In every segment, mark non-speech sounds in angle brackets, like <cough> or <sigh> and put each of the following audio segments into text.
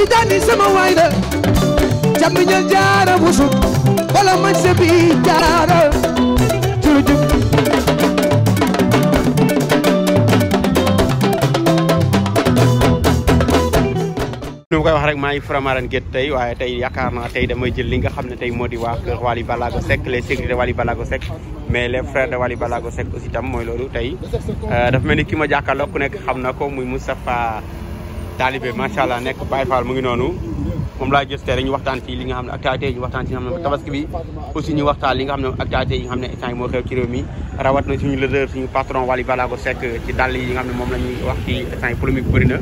tijaani sama waay la camiñal koy wax rek maa ngi Faramareen Gët tey waaye tey yaakaar naa tey damay jël li nga xam ne tey moo di waa kër Wally Ballago Seck les sécurité de Wally mais les frères de Wally Ballago Seck aussi tam mooy loolu tey euh, dafa mel ni ki ma jàkkaarloo ku nekk xam na ko muy Moustapha taalibe macha allah nekk Baye Fall mu ngi noonu moom laa gis tey rek ñu waxtaan ci li nga xam ne activité yi ñu waxtaan ci nga xam ne tabaski yi nga xam ne moo xew ci réew mi rawat na suñu leader suñu patron Waly Balago Seck ci dàll yi nga xam ne moom la ñuy wax polémique bëri na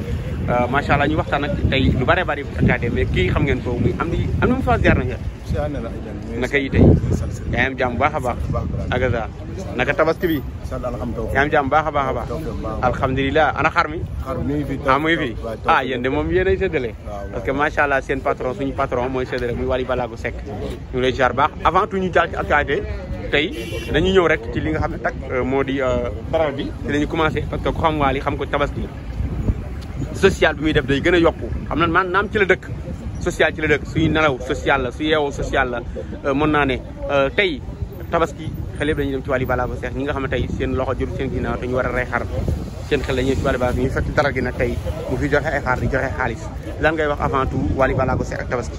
euh, allah ñu waxtaan nag tey lu bare bari activité mais kii xam ngeen ko muy am ni am na mu fas jaar na naka yi tey yaa am baax a baax Agaza naka tabaski bi yaa am jàmm baax a baax a baax alhamdulilah ana xar mi ah muy fi ah yéen moom yéen ay séddale parce que macha allah seen patron suñu patron mooy séddale muy Wally Ballago Seck ñu lay jaar baax avant tout ñu jaar ci tey dañu ñëw rek ci li nga xam ne tak euh, moo di euh, baral bi te commencé parce que xam Wally xam ko tabaski social bi muy def day gën a yokku xam na man naam ci la dëkk social ci la dëkk suñu nelaw social la su yeewoo social la euh, mën naa ne euh, tey tabaski xel yëpp dañuy dem ci wàllu balaa ba seex ñi nga xam ne tey seen loxo jur seen ginnaaw te ñu war a rey xar seen xel dañuy ci bi ñu fekk dara gi nag tey mu fi joxe ay xaar di joxe xaalis lan ngay wax avant tout wàllu balaa ba seex ak tabaski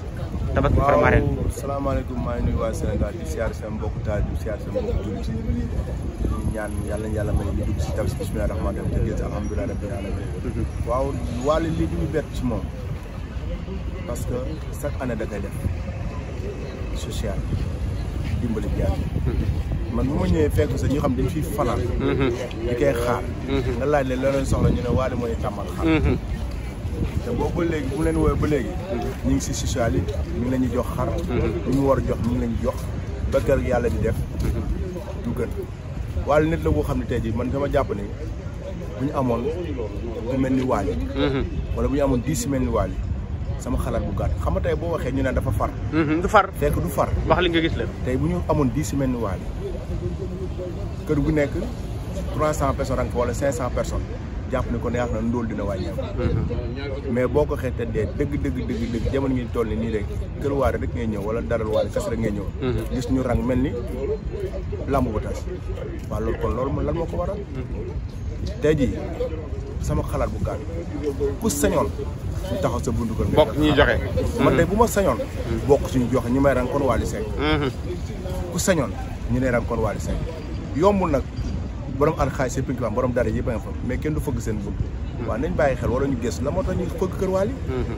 tabaski farma ren waaw salaamaaleykum maa ngi nuyu waa Sénégal di siyaar seen mbokku taal di siyaar seen mbokku jullit di ñaan yàlla yàlla may ñu dugg si tabaski bismillahi rahmaani rahim te gis alhamdulilah rabbil parce que chaque année da ngay def social dimbali jaar mhm. man bu ma ñëwee fekk sax ñu xam dañ fiy fanaan mhm. di koy xaar mhm. nga laaj leen loo soxla ñu ne waale mooy tàmmal xaar te boo ba léegi bu leen woowee ba léegi ñu ngi si social yi ñu ngi la ñuy jox xar ñu ñu war a jox mu ngi la ñuy jox bëggal yàlla di def du gën waale nit la koo xam ne tey jii man dama jàpp ni bu ñu amoon bu mel ni waali wala bu ñu amoon dix semaines ni waali sama xalaat bu gàtt xam nga tey boo waxee ñu ne dafa far. Mhm, du far fekk du far. wax li nga gis la. tey bu ñu amoon dix semaines ni waale kër gu nekk trois cent personnes ak wala cinq cent personnes. jàpp ne ko neex na ndóol dina wàññi mm-hmm. mais boo ko xeetee dee dëgg dëgg dëgg dëgg jamono ñu toll ni nii rek kër waare rek ngay ñëw wala daral waare kas rek ngay ñëw mm-hmm. gis ñu rang mel ni làmb ba tas waaw loolu kon loolu lan moo ko waral mm-hmm. tey jii sama xalaat bu gàtt ku sañoon ñu taxaw sa buntu ko bokk ñuy joxe man tey bu ma sañoon bokk suñu joxe ñu may rang kon Wally Seck ku sañoon ñu ne rang kon Wally Seck yombul nag borom ànd xaay si pinkilam borom dara yëpp a nga fa mais kenn du fëgg seen bunt hmm. waaw nañ bàyyi xel wala ñu gës la moo tax ñu fëgg kër waali hmm.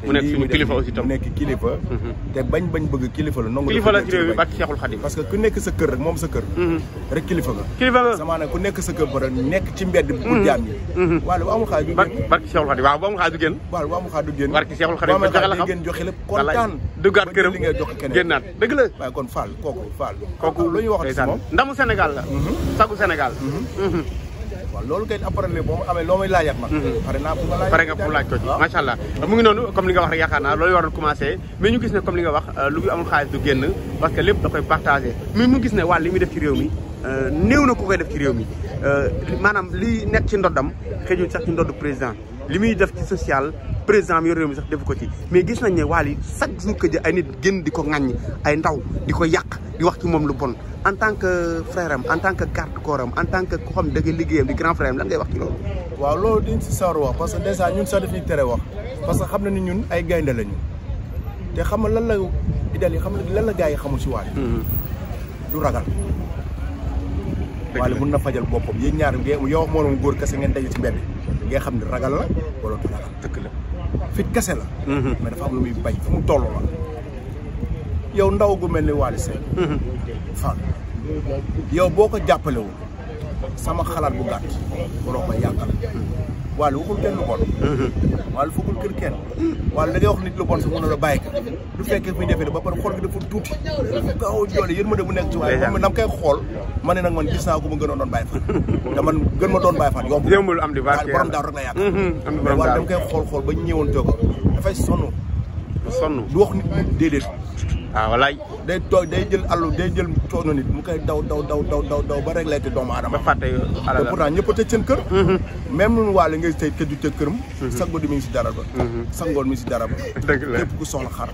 mu nekk suñu kilifa aussi tam mu nekk kilifa mm-hmm. te bañ bañ bëgg kilifa la nangu kilifa la ci réew mi bàkk Seexul Xadim parce que ku nekk sa kër rek moom sa kër mm-hmm. rek kilifa nga kilifa ku nekk sa kër ba nekk ci mbedd bu mm-hmm. jaam yi waaw bu amul xaaj du génn bàkk Seexul Xadim waaw bu amul xaaj génn waaw bu amul génn barki Seexul Xadim joxe la xam joxe lépp kontaan duggaat këram li nga joxe keneen dëgg la waaw kon Fall kooku Fall kooku lu ñu wax ci moom ndamu Sénégal la sagu Sénégal loolu kay appareil bi boo amee loo may laajaat mhm. ma pare laaj pare nga pour laaj ko ci macha allah mu ngi noonu comme li nga wax rek yaakaar naa loolu warul commencé mais ñu gis ne comme li nga wax euh, lu que lépp da mu gis ne wàll li muy def ci réew mi euh, néew na ko koy def ci réew mi euh, maanaam li nekk ci ndoddam xëjul sax ci ndodd président li muy def ci social président mi yor réew mi sax def ko ci mais gis nañ ne Wally chaque jour que ay nit génn di ko ŋàññ ay ndaw di ko yàq di wax ci moom lu bon en tant que frère en tant que garde corps en tant que ku xam dëgg liggéeyam di grand frère am lan ngay wax loolu. waaw loolu dañ si sawar wax parce que dèjà ñun sax def ñuy tere wax parce que xam na ni ñun ay gaynde lañu te xam nga lan la idal yi xam nga lan la gars yi si Wally. Mm-hmm. du ragal. mun na fajal boppam yéen ñaar ngeen yow ak moom góor kese ngeen daje ci mbedd ngeen xam ne ragal la wala du ragal. la fit kese la. Mm-hmm. mais dafa am lu muy bañ fu mu toll la. yow ndaw gu mel ni Wally Seck fan yow boo ko jàppalewul sama xalaat bu gàtt waroo ko yàqal Wally waxul kenn lu bon Wally fugul kër kenn da ngay wax nit lu bon sax mën na la bàyyi ko ba pare xool bi dafa tuuti gaaw ma de bu nekk ci waaye man dama koy xool ma ne nag man gis naa ko ma gënoon doon bàyyi faat te man gën ma doon bàyyi faat yomb yombul am di barke borom daaw rek la yàq mhm, mais Wally dama koy xool xool ba ñëwoon jóg dafay sonn sonn du wax nit déedéet ah walaay day too day jël àllu day jël coono nit mu koy daw daw daw daw daw daw ba réglé te doomu aadama. ba fàtte alal te pourtant ñëpp a tëj seen kër. Mhm. même ñun waa li ngay tëj kër ju tëj këram. Mhm. sangoon mi ngi si dara ba. Mhm. sangoon mi ngi si dara ba. <laughs> dëgg la képp ku soxla xar.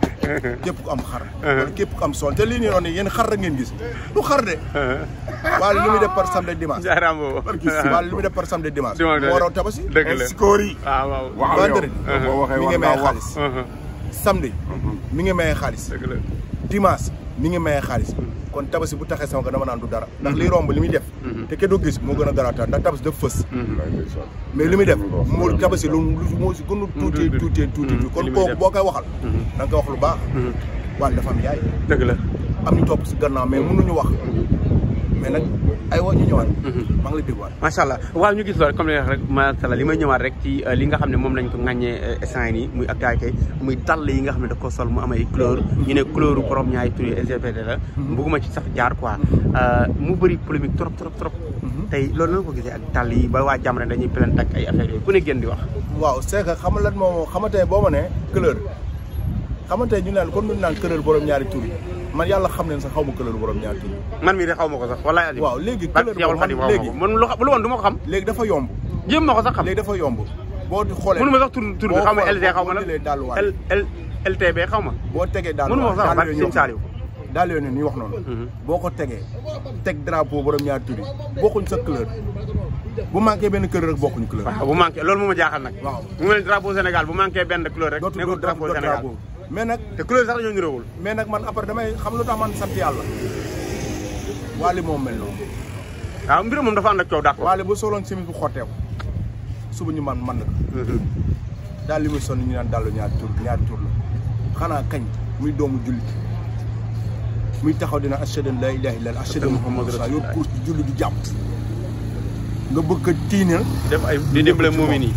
képp ku am xar. wala képp ku am soxla te lii nii noonu yéen xar rek ngeen gis du xar de. waa li muy def par samedi dimanche. <laughs> jaaraam boobu waa li muy def par samedi dimanche. moo raw tabaski. dëgg la sikoor yi. Ah, waaw waaw waaw yow mi ngi may xaalis samedi mi ngi may xaalis dimanche mu ngi maye xaalis mm. kon tabaski bu taxee sama ko dama naan du dara ndax mm-hmm. liy romb li muy def mm-hmm. te kenn gis moo gën a garaataan ndax tabaski dafa fës mm-hmm. mais li mu def moo tabaski lu moo si gën a tuuti tuuti tuuti kon kooku boo koy waxal da nga koy wax lu baax waaye dafa am yaay dëgg la am ñu topp si gannaaw mais mënuñu wax mais ay wa ñu ñëwaat. Mhm. maa ngi lay dégluwaat. macha allah waaw ñu gis loolu comme li nga wax li may ñëwaat rek ci euh, li nga xam ne moom lañ ko ŋàññee euh, instant yi muy actualité muy dàll yi nga xam ne da ko sol mu am ay mhm. ñu ne couleur borom ñaari tur LGBT la. Mhm. bëgguma ci sax jaar quoi euh, mu bëri polémique trop trop trop. tey loolu na ko gisee ak yi ba waa jàmm dañuy plainte ak ay affaire ku ne gën di wax. waaw c'est que xam nga lan moom xamante ne boo ma nee couleur ñu naan comme ñu naan couleur borom ñaari tur yi man yàlla xam leen sax xaw ma këlalu borom ñaar tur man mii de xaw ma ko sax walaay waaw léegi këlalu man léegi lu woon du ma ko xam léegi dafa yomb jéem ma ko sax xam léegi dafa yomb boo ma sax tur tur bi xaw ma LG xaw ma lan LTB xaw ma boo tegee daal mënu ko sax xam sëñ Saliou daal yooyu nii wax noonu mhm. boo ko tegee teg drapeau borom ñaar tur boo bokkuñ sa couleur bu manqué benn couleur rek bokkuñ couleur waaw bu manqué loolu moo ma jaaxal nag waaw mu mel drapeau Sénégal bu manqué benn couleur rek nekkul drapeau Sénégal mais nag te couleur sax dañoo niroowul mais nag man après damay xam la tax man sant yàlla waali moom mel noonu. waaw ah, mbiram moom dafa ànd ak coow d'accord. Wally bu soloon chemise bu xotteeku suba ñu man man la ko. Mm-hmm. daal li muy sonn ñu naan dallu ñaa tur ñaari tur la xanaa kañ muy doomu jullit muy taxaw dina ashhadu an laa ilaaha illallaah ashhadu muhammadu rasuulullaah yor course julli di jàpp. nga bëgg a tiinal. def ay di dimbale moomin yi.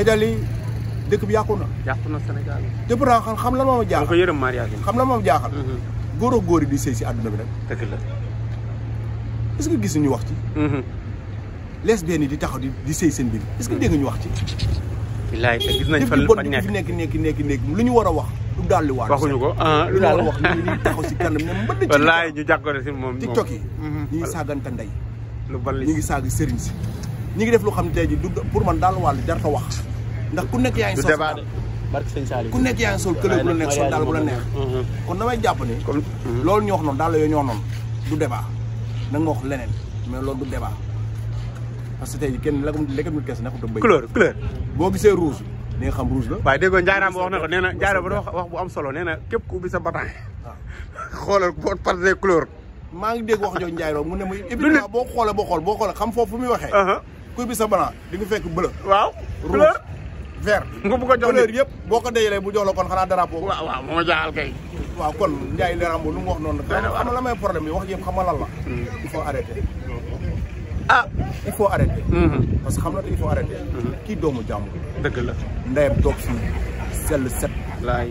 Idali dëkk bi yàqu na. yàqu na Sénégal. te pourtant xam xam la moom jaaxal. ko yërëm mariage xam la moom jaaxal. Mm-hmm. góor góor yi di sëy si àdduna bi rek. dëgg la. est que gis ñu wax ci. Mm-hmm. les yi di taxaw di di sëy seen biir parce que dégg ñu wax ci. bilaay te gis nañ fan la fan nekk nekk nekk nekk nekk lu ñu war a wax. du daal di waat waxuñu ko ah lu daal wax ñu ngi taxaw si kanam ne mbënd ci. wallaay ñu jàkkoore si moom tiktok yi. Mm-hmm. ñu saaganta saagante ndey. lu bal ñu ngi saag sëriñ si. ñu ngi def lu xam tey ji du pour man daal wàll jar ta wax ndax ku nekk yaa ngi sol ku nekk yaa ngi sol kële bu daal bu la neex mm-hmm. kon damay jàpp ne mm-hmm. loolu ñu wax noonu daal la yoo ñoo noonu du débat nag ma leneen mais loolu du débat parce que tey kenn lekk lekk mu kees nekkul tam bëy couleur couleur boo gisee rouge di nga xam la waaye déggoo njaaraam wax na nee na njaaraam ba wax bu am solo nee na képp ku ubbi sa bataan ah. xoolal boo partee couleur maa ngi dégg wax jooju Ndiaye mu ne ma évidemment boo xoolee boo xool boo xoolee xam foofu fu muy waxee uh-huh. kuy bi sa banaan di nga fekk bleu waaw rouge vert nga bëgg a jox couleur yëpp boo ko dajalee bu jox la kon xanaa drapeau waaw waaw moo jaaxal kay waaw kon Ndiaye Rambo lu mu wax noonu xam la may problème yi wax yëpp xam nga lan la il faut ah. mm-hmm. parce que xam na il faut arrêter mm-hmm. kii doomu jàmm dëgg la ndeyam toog fii sell set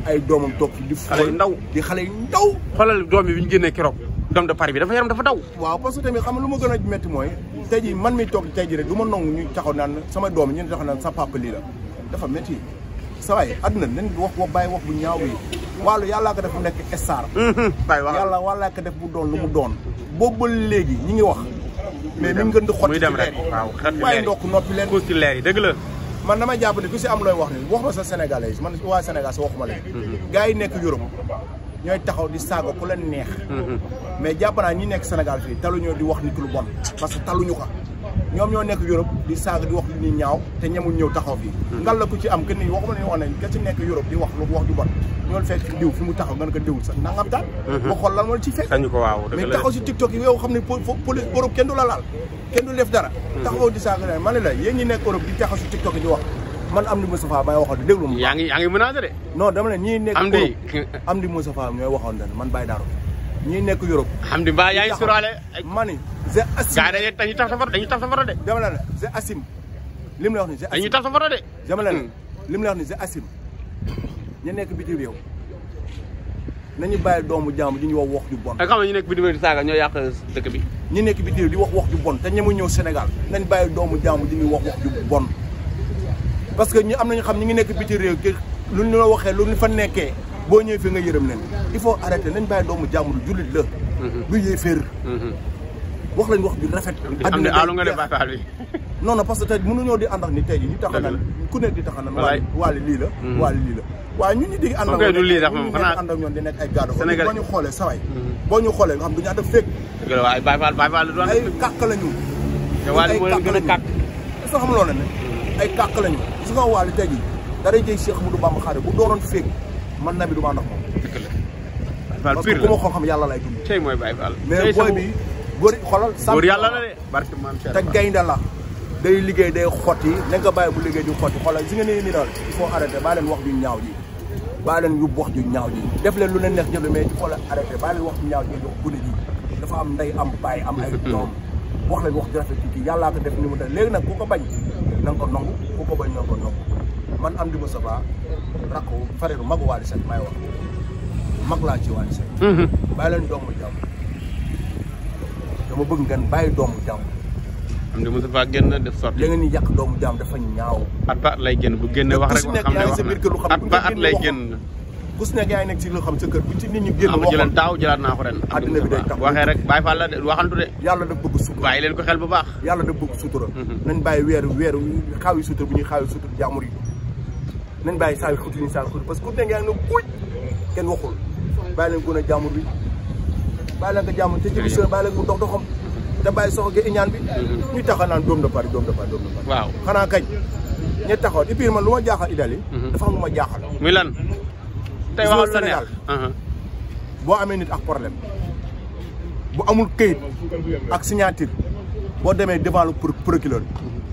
ay doomam toog fii di xale yu ndaw di xale yu ndaw xoolal doom yi bi ñu génnee keroog doom de Paris bi dafa yaram dafa daw waaw parce que tamit xam lu ma gën a métti mooy tey jii man mi toog tey jii rek du ma nangu ñu taxaw naan sama doom ñu taxaw naan sa papa lii la dafa metti sa waay adduna nañ wax wax bàyyi wax bu ñaaw yi wàllu yàllaa ko def mu nekk star mhm. yàlla wàllaa ko def mu doon lu mu doon boobu ba léegi ñi ngi wax mais mi ngi gën di xot leer yi waaye ndokk noppi leen ci leer yi dëgg la man dama jàpp ni ku si am looy wax ni wax ma sa sénégalais man waa sénégal sa waxuma leen mhm. gars yi nekk Europe ñooy taxaw di saaga ku leen neex mhm. mais jàpp naa ñi nekk sénégal fii taluñoo di wax nit lu bon parce que ñu ko ñoom ñoo nekk Europe di saaga di wax lu ñaaw te ñemul ñëw taxaw fii hmm. ngal la ko ci am que ni waxuma ne wax nañ ka ci nekk Europe di wax lu wax ju bon ñool fekk diw fi mu taxaw nga ne ko diwul sax nangam daal hmm. ba xool nekk Europe di taxaw si TikTok yi di wax man Amdi Moustapha may waxoon déglu ma yaa ngi yaa de non dama ne ñii nekk Europe Amdi Moustapha ñooy waxoon man Baye Darou ñi nekk Europe. xam di mbaa yaa ngi sóoraale. mani c'est Assim. gars dañuy tax sa photo dañuy tax sa photo de. dama la ne c'est li mu la wax nii c'est. dañuy tax sa photo de. dama la hmm. li mu la wax nii c'est ñu nekk bitim réew nañu bàyyi doomu jàmm di ñu wax wax ju bon. nga xam ñu nekk bitim réew di ñoo yàq dëkk bi. ñi nekk bitim réew di wax wax ju bon te ñemu ñëw Sénégal nañ bàyyi doomu jàmm di ñu wax wax ju bon parce que ñu am nañu xam ñu ngi nekk bitim réew te luñ la waxee lu fa nekkee boo ñëwee fi nga yërëm leen il faut arrêter nañ bàyyi doomu jàmbur jullit la. lu mhm. yee mhm. wax lañ wax ju rafet. am na àll nga ne bàkkaar bi. <laughs> non non parce que tey ñoo di ànd ak ni tey jii ñu taxanal ku nekk di taxanal. waay waale lii la. Mhm. waale lii la waaye ñun ñu di. ànd ak ñoom lii rek moom xanaa ànd ak ñoom di nekk ay gàddu. Sénégal boo ñu xoolee saway boo ñu xoolee nga xam du ñu ànd ak féeg. dëgg la waaye Baye Fall Baye Fall la doon. ay kàkk la ñu. te waale moo leen gën a kàkk te xamuloo ne ne ay kàkk la ñu. su ko waale tey jii dara jëy bu dooroon féeg man Naby du ma na ak moom. parce que ku ma ko xam yàlla lay dund. tey mooy Baye Fall mais booy bi góor xoolal. góor yàlla la de te gaynde la day liggéey day xotti na nga bàyyi bu liggéey di xotti xoolal si nga nee nii daal il faut arrêter baa leen wax ju ñaaw ji. baa leen yu wax ju ñaaw ji def leen lu leen neex jël mais xoolal arrêter baa leen wax ju ñaaw ji jox gune ji dafa am ndey am baay am ay <laughs> doom wax leen wax ju rafet ci yàllaa ko def ni mu def léegi nag ku ko bañ na nga ko nangu ko bañ na nga ko man Amdy Moustapha rakku frère magu Wally Seck may wax mag laa ci Wally Seck mhm. bàyyi leen doomu jàmm dama bëgg ngeen bàyyi doomu jàmm Amdy Moustapha génn def sorti da ngeen di yàq doomu jàmm dafa ñaaw at ba at lay génn bu génne wax rek wax xam ba lay génn ku si nekk loo xam sa kër bu ci nit ñi génn waxoon naa ko ren adduna bi day tax waxee rek yàlla da bëgg sutura bàyyi ko xel bu baax yàlla da bëgg sutura mhm. nañ bàyyi weer weer xaaw sutura bu ñuy xaaw yi sutura jaamur yi nañ bàyyi saal xutu ni saal xutu parce que ku ne yaa ngi ne buuj kenn waxul bàyyi leen gën a jàmbur bi bàyyi leen ko jàmbur te ci émission bàyyi leen mu dox doxam te bàyyi soxla gi ñaan bi mhm. ñu taxaw naan doom de Paris doom de Paris doom de Paris xanaa kañ ñu taxaw et puis man lu ma jaaxal Idali mhm. dafa am lu ma jaaxal muy lan tey waxal sa uh-huh. boo amee nit ak problème bu amul këyit ak signature boo demee devant le procureur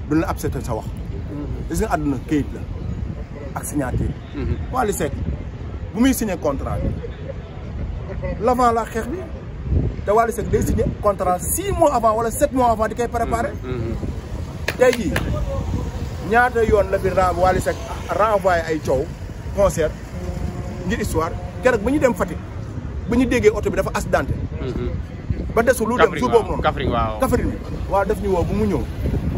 du la accepté sa wax mhm. gis nga àdduna këyit la ak signature. Mhm. Wally Seck bu muy signé contrat bi l'avant la xeex bi te Wally Seck day signé contrat six mois avant wala sept mois avant di koy préparé. Mhm. Mhm. tey jii ñaata yoon la fi ren Wally Seck renvoyé ay coow concert ngir histoire keroog bu ñu dem Fatick bu ñu déggee oto bi dafa accidenté. ba desul lu dem jour boobu noonu Kaffrine waaw Kaffrine waaw daf ñu mu ñëw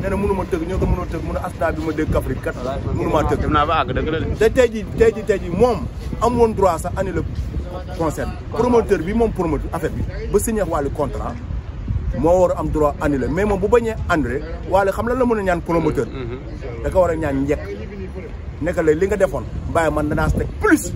nee na mënu ma tëgg ñoo ko mënoo tëgg mën a asta bi ma dégg Kaffrine kat mënu maa tëgg dem te tey ji moom am woon droit sax annulé concert promoteur bi moom promoteur affaire bi ba signé wàllu contrat moo war a am droit annulé mais moom bu bañee annulé waale xam lan la mën a ñaan promoteur mm-hmm. da ko war a ñaan njëkk nekk la li nga defoon bàyyi man danaa teg plus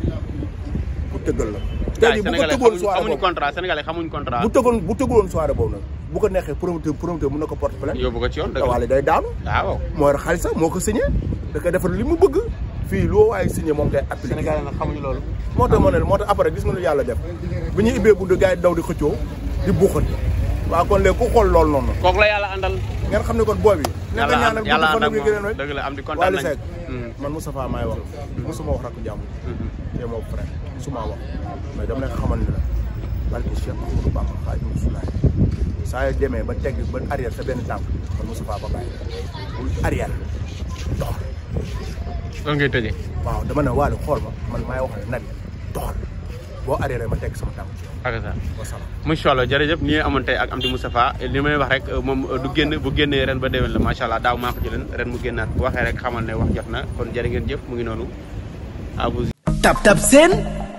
pour tëggal la tey bu ko tëggoon soirée boobu contrat sénégalais xamuñ contrat bu tëggoon bu tëggoon boobu nag bu ko neexee promoteur promoteur mën na ko porte plainte yóbbu ko ci yoon dëgg day daanu waaw moo yor xaalis sax moo ko defar li mu bëgg fii loo waaye signé moom ngay appliqué sénégalais nag xamuñu loolu moo moo ne moo tax après gis nga lu yàlla def bi ñuy ibbee bunt gars yi daw di xëccoo di buuxati waaw kon léegi ku xool loolu noonu kooku la yàlla àndal ngeen xam ne kon booy bi nea ñaanal yàlla àndal dëgg di kontaan nañ Wally Seck mm. man Moustapha maay wax mm-hmm. wax rakk jàmm mm-hmm. te moom frère suma wax mais dama leen xamal ne la barke Cheikh Ahmadou saa yoo demee ba teg ba arrière sa benn tànk man Moustapha ba bàyyi bul arrière doxal. lan ngay tëjee. dama ne waaye xool ma man maay wax ne nabi doxal boo arrière ma tegg sama tànk. ak ça macha allah jërëjëf ni amoon tey ak Amdy Moustapha li may wax rek euh, moom euh, du génn bu génnee ren ba déwén la macha allah daaw maa ko jëleen ren mu génnaat bu waxee rek xamal ne wax jot na kon jërë ngeen jëf mu ngi noonu. tab tab seen.